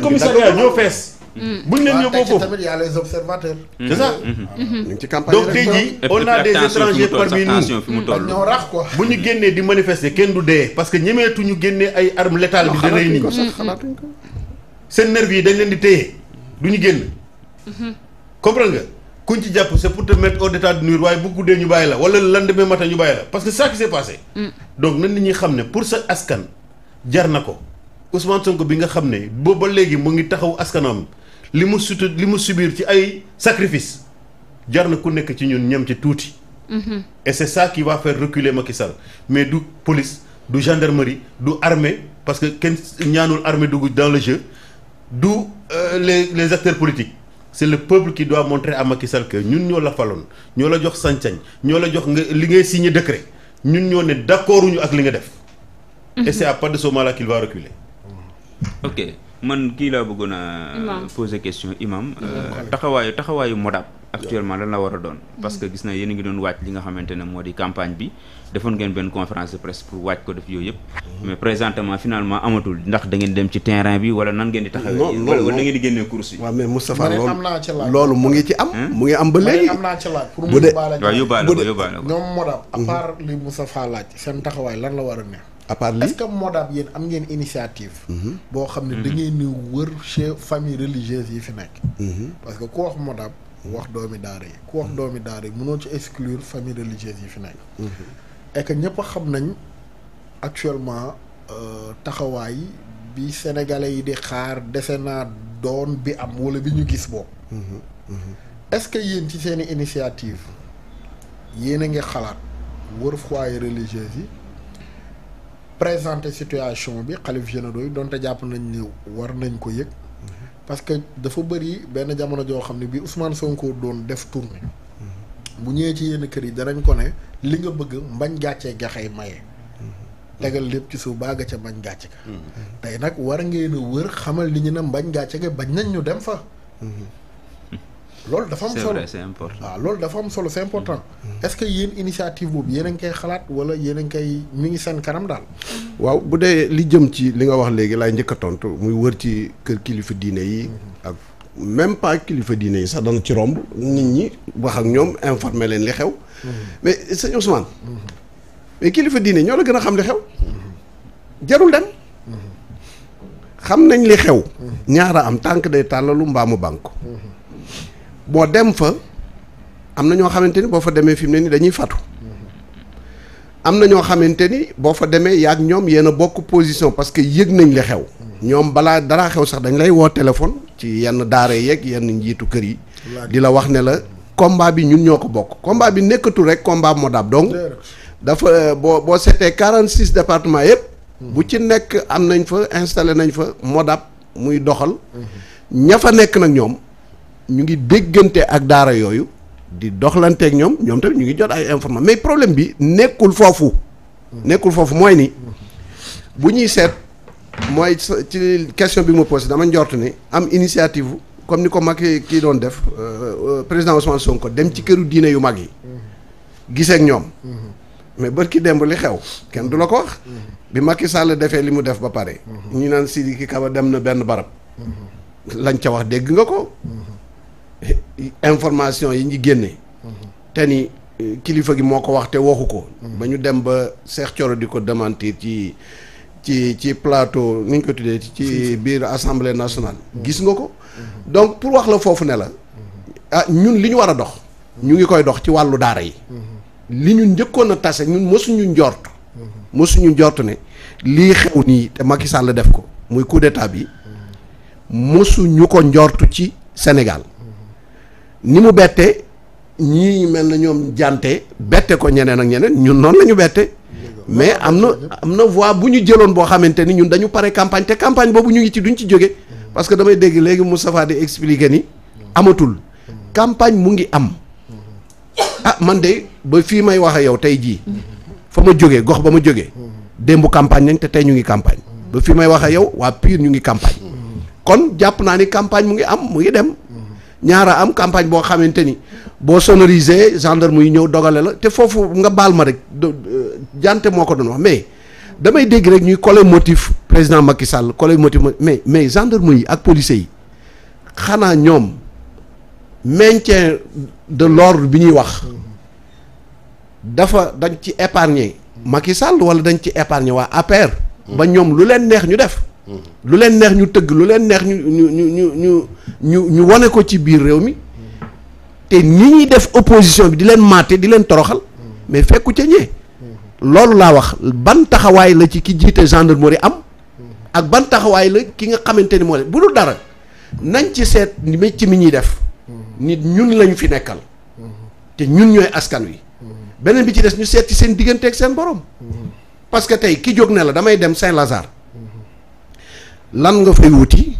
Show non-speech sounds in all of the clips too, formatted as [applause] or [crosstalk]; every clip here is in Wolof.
seen commissariat ñoo fees. Mm. buñ a les observateurs. Mm-hmm. c'est ça. Mm-hmm. Mm-hmm. ñu ngi ci campagne donc tey jii on a des étrangers parmi nous. ñoo rax quoi. bu ñu génnee di manifester kenn du dee. parce que ñemeetu ñu génnee ay armes létales di rey nit seen nerf yi dañ leen di téye du ñu génn. comprendre nga kuñ ci jàpp c'est pour te mettre hors d'état de waaye bu guddee ñu bàyyi la wala le lendemain ñu bàyyi la parce que ça qui s'est passé. Mm. donc na nit ñi xam ne pour sa askan jar na ko. Ousmane Sonko bi nga xam ne booba léegi mu ngi taxaw askanam li mu sutu li mu subir ci ay sacrifice jar na ku nekk ci ñun ñam ci tuuti. Mhm. et c'est ça qui va faire reculer Macky Sall mais du police du gendarmerie du armée parce que kenn ñaanul armée dugg dans le jeu du euh, les les acteurs politiques. c'est le peuple qui doit montrer à Macky Sall ñun ñoo la faloon ñoo la jox sañ-sañ ñoo la jox nga li ngay signé décret ñun ñoo ne d'accorduñu ak li nga def. Mhm. et c'est à partir ok man kii laa bëggoon a euh, poser question imam euh, taxawaayu taxawaayu modab actuellement lan la war a doon mm-hmm. parce que gis na yéen a ngi doon wàcc li nga xamante ne moo di campagne bi defoon ngeen benn conférence de presse pour wàcc ko def yooyu yëpp mm-hmm. mais présentement finalement amatul ndax da ngeen dem ci terrain bi wala nan ngeen di taxawee wala da ngeen di génnee course yi waaw mais Moustapha loolu mu ngi ci am mu ngi am ba léegi am naa ci laaj ko yóbbaale mm-hmm. seen taxawaay lan la war a ne à part lii est que Modab yéen am ngeen initiative. Mhm. boo xam ne mhm. da ngeen di wër che famille religieuse yi fi nekk. Mhm. parce que ku wax Modab wax doomi daara yi ku wax doomi daara yi munoo ci exclure famille religieuse yi fi nekk. et que ñëpp xam nañ actuellement euh, taxawaay bi sénégalais yi di xaar dese naa doon bi am wala bi ñu gis boobu. est-ce que yéen ci seen i initiative yéen a ngi xalaat wër foyer religieuse yi. présenter situation bi xalif généraux yi donte jàpp nañ ni war nañ ko yëg parce que dafa bëri benn jamono joo xam ne bii Ousmane Sonko doon def tournée bu ñëwee ci yenn kër yi danañ ko ne li nga bëgg mbañ gàccee gaxay maye. tegal lépp ci su baaga ca mbañ gàcce ga mm-hmm. tey nag war a ngeen a wër xamal li ñu ne mbañ gàcce ga bañ nañ ñu dem fa mm-hmm. loolu dafa am solo c'est important loolu dafa am solo c'est important est-ce que yéen initiative boobu yéen a ngi koy xalaat wala yéen a ngi koy mi ngi seen kanam daal mm-hmm. waaw bu dee li jëm ci li nga wax léegi laay njëkk a tontu muy wër ci kër kilifa diine yi mm-hmm. ak même pas kilifa diine yi sax dana ci romb nit ñi wax ak ñoom informer leen li xew mm-hmm. mais sëñ Ousmane mais kilifa diine ñoo la gën a xam li xew jarul dem xam nañ li xew ñaar a am tànk day tàllalu mbaamu bànk boo dem fa am na ñoo xamante ni boo fa demee fi mu ne ni dañuy fatu am na ñoo xamante ni boo fa demee yaag ñoom yenn bokk position parce que yëg nañ la xew ñoom balaa dara xew sax dañ lay woo téléphone ci yenn daara yeeg yenn njiitu kër yi di la wax ne la combat bi ñun ñoo ko bokk combat bi nekkatul rek combat modab donc dafa boo boo seetee quarante six département yëpp bu ci nekk am nañ fa installé nañ fa modab muy doxal mhm. ña fa nekk nag ñoom ñu ngi déggante ak daara yooyu di doxlante doxlanteeg ñoom ñoom tamit ñu ngi jot ay information mais problème bi nekkul foofu nekkul foofu mooy ni bu ñuy seet mooy ci question bi mu posé dama njort ni am initiative comme ni ko mag kii doon def euh, euh, président Ousmane ko dem ci këru diine yu mag yi giseek ñoom mais bër ki demb li xew kenn du la ko wax bi Macky Sall defee li mu def ba pare ñu naan Sidiki Kaba dem na benn barab lañ ca wax dégg nga ko information yi ñu génne. te ni euh, kilifa gi moo ko wax te waxu ko. Mm-hmm. ba ñu dem ba Cheikh Thioro di ko démentir ci ci ci plateau ni ñu ko tuddee ci biir assemblée nationale. Mm-hmm. gis nga ko. Mm-hmm. donc pour wax la foofu ne la. ah ñun li ñu war a dox. ñu ngi koy dox ci wàllu daara yi. li ñu njëkkoon a tase ñun mosuñu njort. mosuñu njort ne lii xew nii te Macky Sall def ko muy coup d'état bi mosuñu ko njort ci Sénégal. ni mu bette ñii mel na ñoom jante bette ko ñeneen ak ñeneen ñun noon la ñu bette mais am na am na voix bu ñu jëloon boo xamante ni ñun dañu pare campagne te campagne boobu ñu ngi ci duñ ci jóge parce que damay dégg léegi Moustapha di expliquer ni amatul campagne mu ngi am ah man de ba fii may wax ak yow tey jii fa ma jógee gox ba ma jógee démb campagne nañ te tey ñu ngi campagne ba fii may wax ak yow waa Pire ñu ngi campagne kon jàpp naa ni campagne mu ngi am mu dem ñaara am campagne boo xamante ni boo sonorisé gendarme yi ñëw dogale la te foofu nga baal ma rek euh, jante moo ko doon wax mais damay dégg rek ñuy collé motif président Macky Sall collé motif mais gendre gendarme yi ak policiers yi xanaa ñoom maintien de l'ordre bi ñuy wax dafa dañ ci épargner Macky Sall wala dañ ci épargner waa APR. ba ñoom lu leen neex ñu def. lu leen neex ñu tëgg lu leen neex ñu ñu ñu ñu ñu ñu wane ko ci biir réew mi te ni ñuy def opposition bi di leen maate di leen toroxal mais fekku ca ñee loolu laa wax ban taxawaay la ci ki jiite gendarmerie am ak ban taxawaay la ki nga xamante ni moo bu dul dara nañ ci seet mécc mi ñuy def nit ñun lañu fi nekkal te ñun ñooy askan wi beneen bi ci des ñu seet ci seen diggante ak seen borom parce que tey ki jóg ne la damay dem Saint-Lazare lan nga fay wuti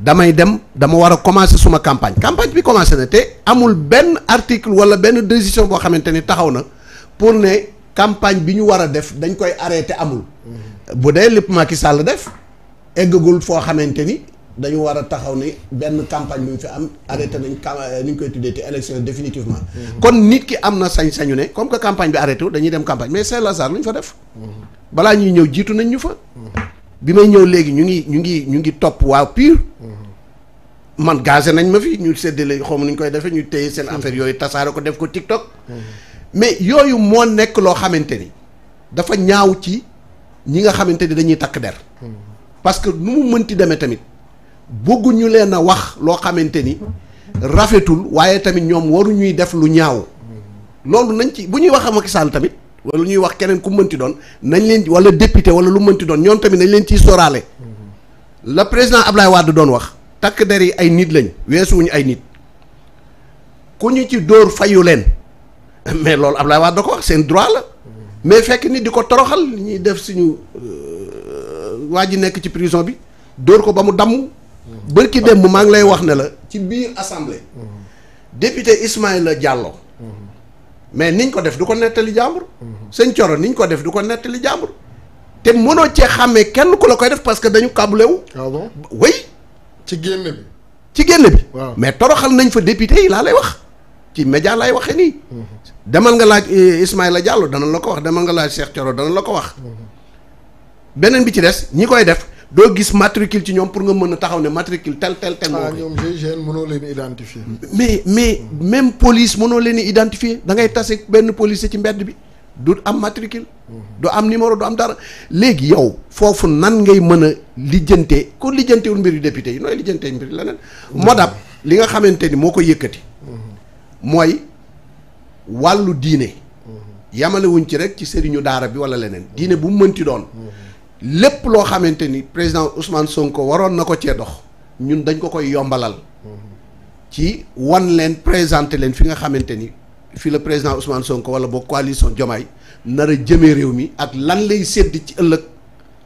damay dem dama war a commencer suma campagne campagne bi commencé na te amul benn article wala benn décision boo xamante ni taxaw na pour ne campagne bi ñu war a def dañ koy arrêté amul. bu dee lépp i sàll def eggagul foo xamante ni dañu war a taxaw ni benn campagne bi ñu fi am arrêté nañ euh, ni ñu koy tuddee te élection définitivement. Mm-hmm. kon nit ki am na sañ-sañu ne comme que campagne bi arrêté wu dañuy dem campagne mais Saint-Lazare lu ñu fa def. Mm-hmm. balaa ñuy ñëw jiitu nañ ñu fa. bi may ñëw léegi ñu ngi ñu ngi ñu ngi topp waa piir mm-hmm. man gazé nañ ma fi ñu séddale xaw ma nu ñu koy defee ñu téye seen mm-hmm. affaire yooyu tasaare ko def ko TikTok. Mm-hmm. mais yooyu moo nekk loo xamante ni dafa ñaaw ci ñi nga xamante ni dañuy takk der. parce que nu mu mënti demee tamit bëgguñu leen a wax loo xamante ni rafetul waaye tamit ñoom waru ñuy def lu ñaaw. loolu nañ ci bu ñuy wax Macky Sall tamit. wala ñuy wax keneen ku mënti doon nañ leen wala député wala lu mënti doon ñoom tamit nañ leen ci soraale mm-hmm. la président Ablaye Wade doon wax takk der yi ay nit lañ weesuwuñu ay nit ku ñu ci dóor fayu leen [laughs] mais loolu Ablaye Wade da ko wax seen droit la mm-hmm. mais fekk nit di ko toroxal ñuy def suñu euh, waa ji nekk ci prison bi dóor ko ba mu damm mm-hmm. bërki dem maa ngi lay wax ne la ci biir assemblée député Ismaïla Diallo mais niñ ko def du ko nettali jàmbur. sëñ Coro niñ ko def du ko nettali jàmbur. te mënoo cee xàmmee kenn ku la koy def parce que dañu câble wu. waaw ah bon ci génn bi. ci génn bi. waaw mais toroxal nañ fa député yi laa lay wax. ci média laay waxee nii. Mhm. demal nga laaj eh, la Diallo dana la ko wax demal nga laaj Cheikh Thioro dana la ko wax. Mhm. beneen bi ci des ñi koy def doo gis matricule ci ñoom pour nga mën a taxaw ne matricule tel tel tel. ah ñoom GIGN mënoo leen identifier. mais mais même police mënoo leen identifier da ngay tase benn police ci mbedd bi du am matricule. du am numéro du am dara. léegi yow foofu nan ngay mën a lijjantee ko lijjantewul mbiru député yi nooy lijjantee mbir leneen. Mm-hmm. modab li nga xamante ni moo ko yëkkati. Mm-hmm. mooy wàllu diine. Mm-hmm. yamalewuñ ci rek ci sëriñu daara bi wala leneen diine bu mu mënti doon. lépp loo xamante ni président Ousmane Sonko waroon na ko cee dox ñun dañ ko koy yombalal ci wan leen présenter leen fi nga xamante ni fi la président Ousmane Sonko wala boog coalition jomaay nar a jëmee réew mi ak lan lay sedd ci ëllëg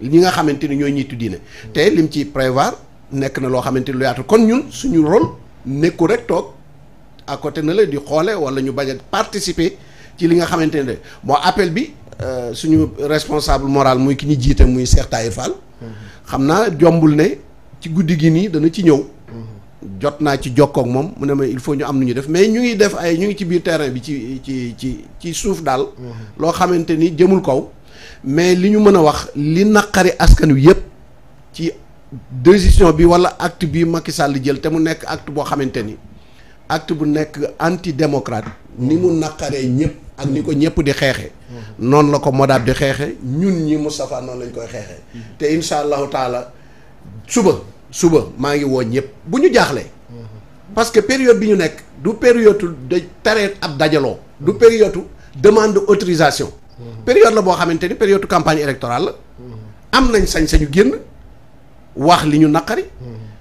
ñi nga xamante ni ñooy ñiitu diine te lim ci prévoir nekk na loo xamante ni lu yaatu kon ñun suñu rôle nekku rek toog à côté na la di xoole wala ñu bañ a participer ci li nga xamante ne moo appel bi Euh, suñu responsable moral muy ki ñu jiite muy Cheikh Tahir xam naa jombul ne ci guddi gi nii dana ci ñëw jot naa ci jokkook moom mu ne ma il faut ñu am nu ñu def mais ñu ngi def ay ñu ngi ci biir terrain bi ci ci ci ci suuf daal loo xamante ni jëmul kaw mais li ñu mën a wax li naqari askan wi yëpp ci décision bi wala act bi Macky Sall jël te mu nekk act boo xamante ni act bu nekk anti démocrate ni mu naqaree ñëpp ak ni ko ñëpp di xeexee noonu la ko Modab di xeexee ñun ñi Moustapha noonu lañ koy xeexe te insha allahu taala suba suba maa ngi woo ñëpp bu ñu jaaxlee parce que période bi ñu nekk du période de tareet ab dajaloo du période demande autorisation période la boo xamante ni période campagne électorale la am nañ sañ-sañu génn wax li ñu naqari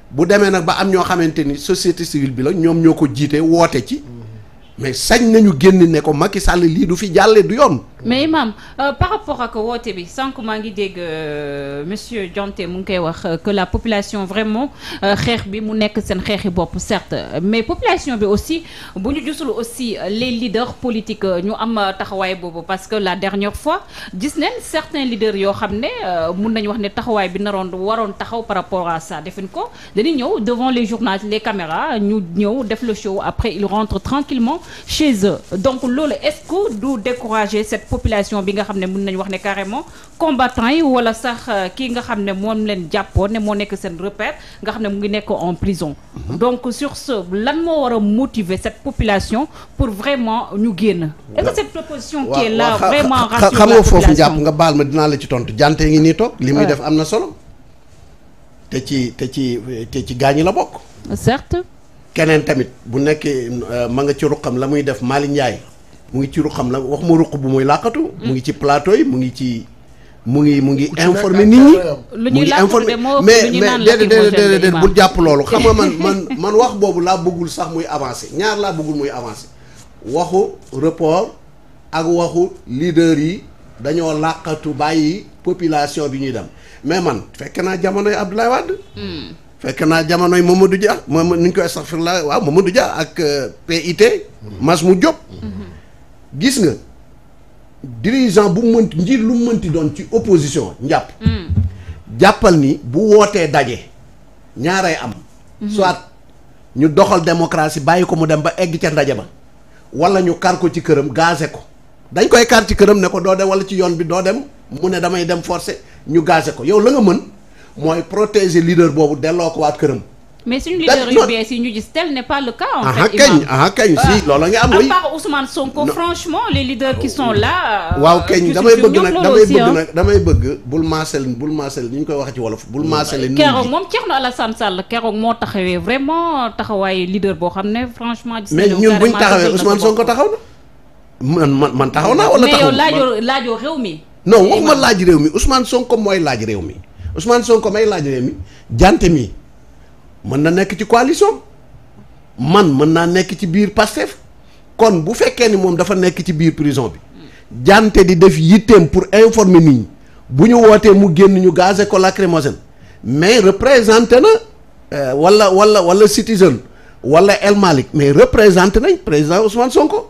bu demee nag ba am ñoo xamante ni société civile bi la ñoom ñoo ko jiite woote ci mais sañ nañu génn ne ko Macky Sall lii du fi jàlle du yoon mais imam euh, par rapport ak woote bi sànq maa ngi dégg euh, monsieur Dionte mu ngi koy wax euh, que la population vraiment xeex bi mu nekk seen xeexi bopp certes mais population bi aussi bu ñu gisul aussi les leaders politiques ñu am taxawaay boobu parce que la dernière fois gis neen certains leaders yoo xam ne mun nañu wax ne taxawaay bi naroon waroon taxaw par rapport à ça defen ko dañuy ñëw devant les journalistes les caméras ñu ñëw def le show après ils rentrent tranquillement chez eux population bi nga xam ne mën nañu wax ne carrément combattant yi wala sax euh, kii nga xam ne moom leen jàppoon ne moo nekk seen repère nga xam ne mu ngi nekk en prison. Mhm. donc sur ce lan moo war a motiver cette population pour vraiment ñu génn. est-ce que cette proposition qui est là foofu jàpp nga baal ma dinaa la ci tontu jante ngi nii toog. li muy def am na solo. te ci te ci te ci gaañi la bokk. certes. keneen tamit bu nekkee euh, ma nga ci ruqam la muy def Mali mu ngi ci xam la wax mu ruq bu muy làqatu mu ngi ci plateau yi mu ngi ci mu ngi mu ngi informer nit ñi lu ñuy informer mais mais déedéet déedéet bul jàpp xam nga man man man wax boobu laa bëggul sax muy avancer ñaar laa bëggul muy avancer waxu report ak waxu leader yi dañoo làqatu bàyyi population bi ñuy dem mais man fekk naa jamonoy Abdoulaye Wade hmm. fekk naa jamonoy Mamadou Dia moom ni ñu koy sax fir la waaw du Dia ak euh, PIT hmm. Mas mu Diop hmm. gis nga dirigeant bu mënti njiit lu mënti doon ci opposition njàpp hmm. jàppal ni bu wootee daje ñaaray am hmm. soit ñu doxal démocratie bàyyi ko mu dem ba egg ca ndaje ba wala ñu kar ko ci këram gaze ko dañ koy kar ci këram ne ko doo dem wala ci yoon bi doo dem mu ne damay dem forcé ñu gaze ko yow la nga mën mooy protéger leader boobu delloo ko waat këram mais suñu leader yu bees yi ñu gis tel n'est pas le cas. en fait kañ ah kañ si loolu nga am. oui à part Ousmane Sonko franchement les leaders qui oh, sont là. waaw euh, kañ damay bëgg nag damay bëgg damay bëgg. bul maasel bul maasel ni ñu koy wax ci wolof bul maasel. nii keroog moom Thierno Alassane Sall keroog moo taxawee vraiment taxawaayu leader boo xam ne franchement. gis nañu mais ñun bu ñu taxawee Ousmane Sonko taxaw na. man man man taxaw naa wala. taxaw mais yow laajoo réew mi. no non waxuma laaj réew mi Ousmane Sonko mooy laaj réew mi Ousmane Sonko may laaj réew mi mi mën na nekk ci coalition man mën naa nekk ci biir Pastef kon bu fekkee ni moom dafa nekk ci biir prison bi jante di def yitteem pour informer nit bu ñu wootee mu génn ñu gazé ko lacrymogène mais représenté na euh, wala wala wala citizen wala El Malick mais représenté nañ président son ko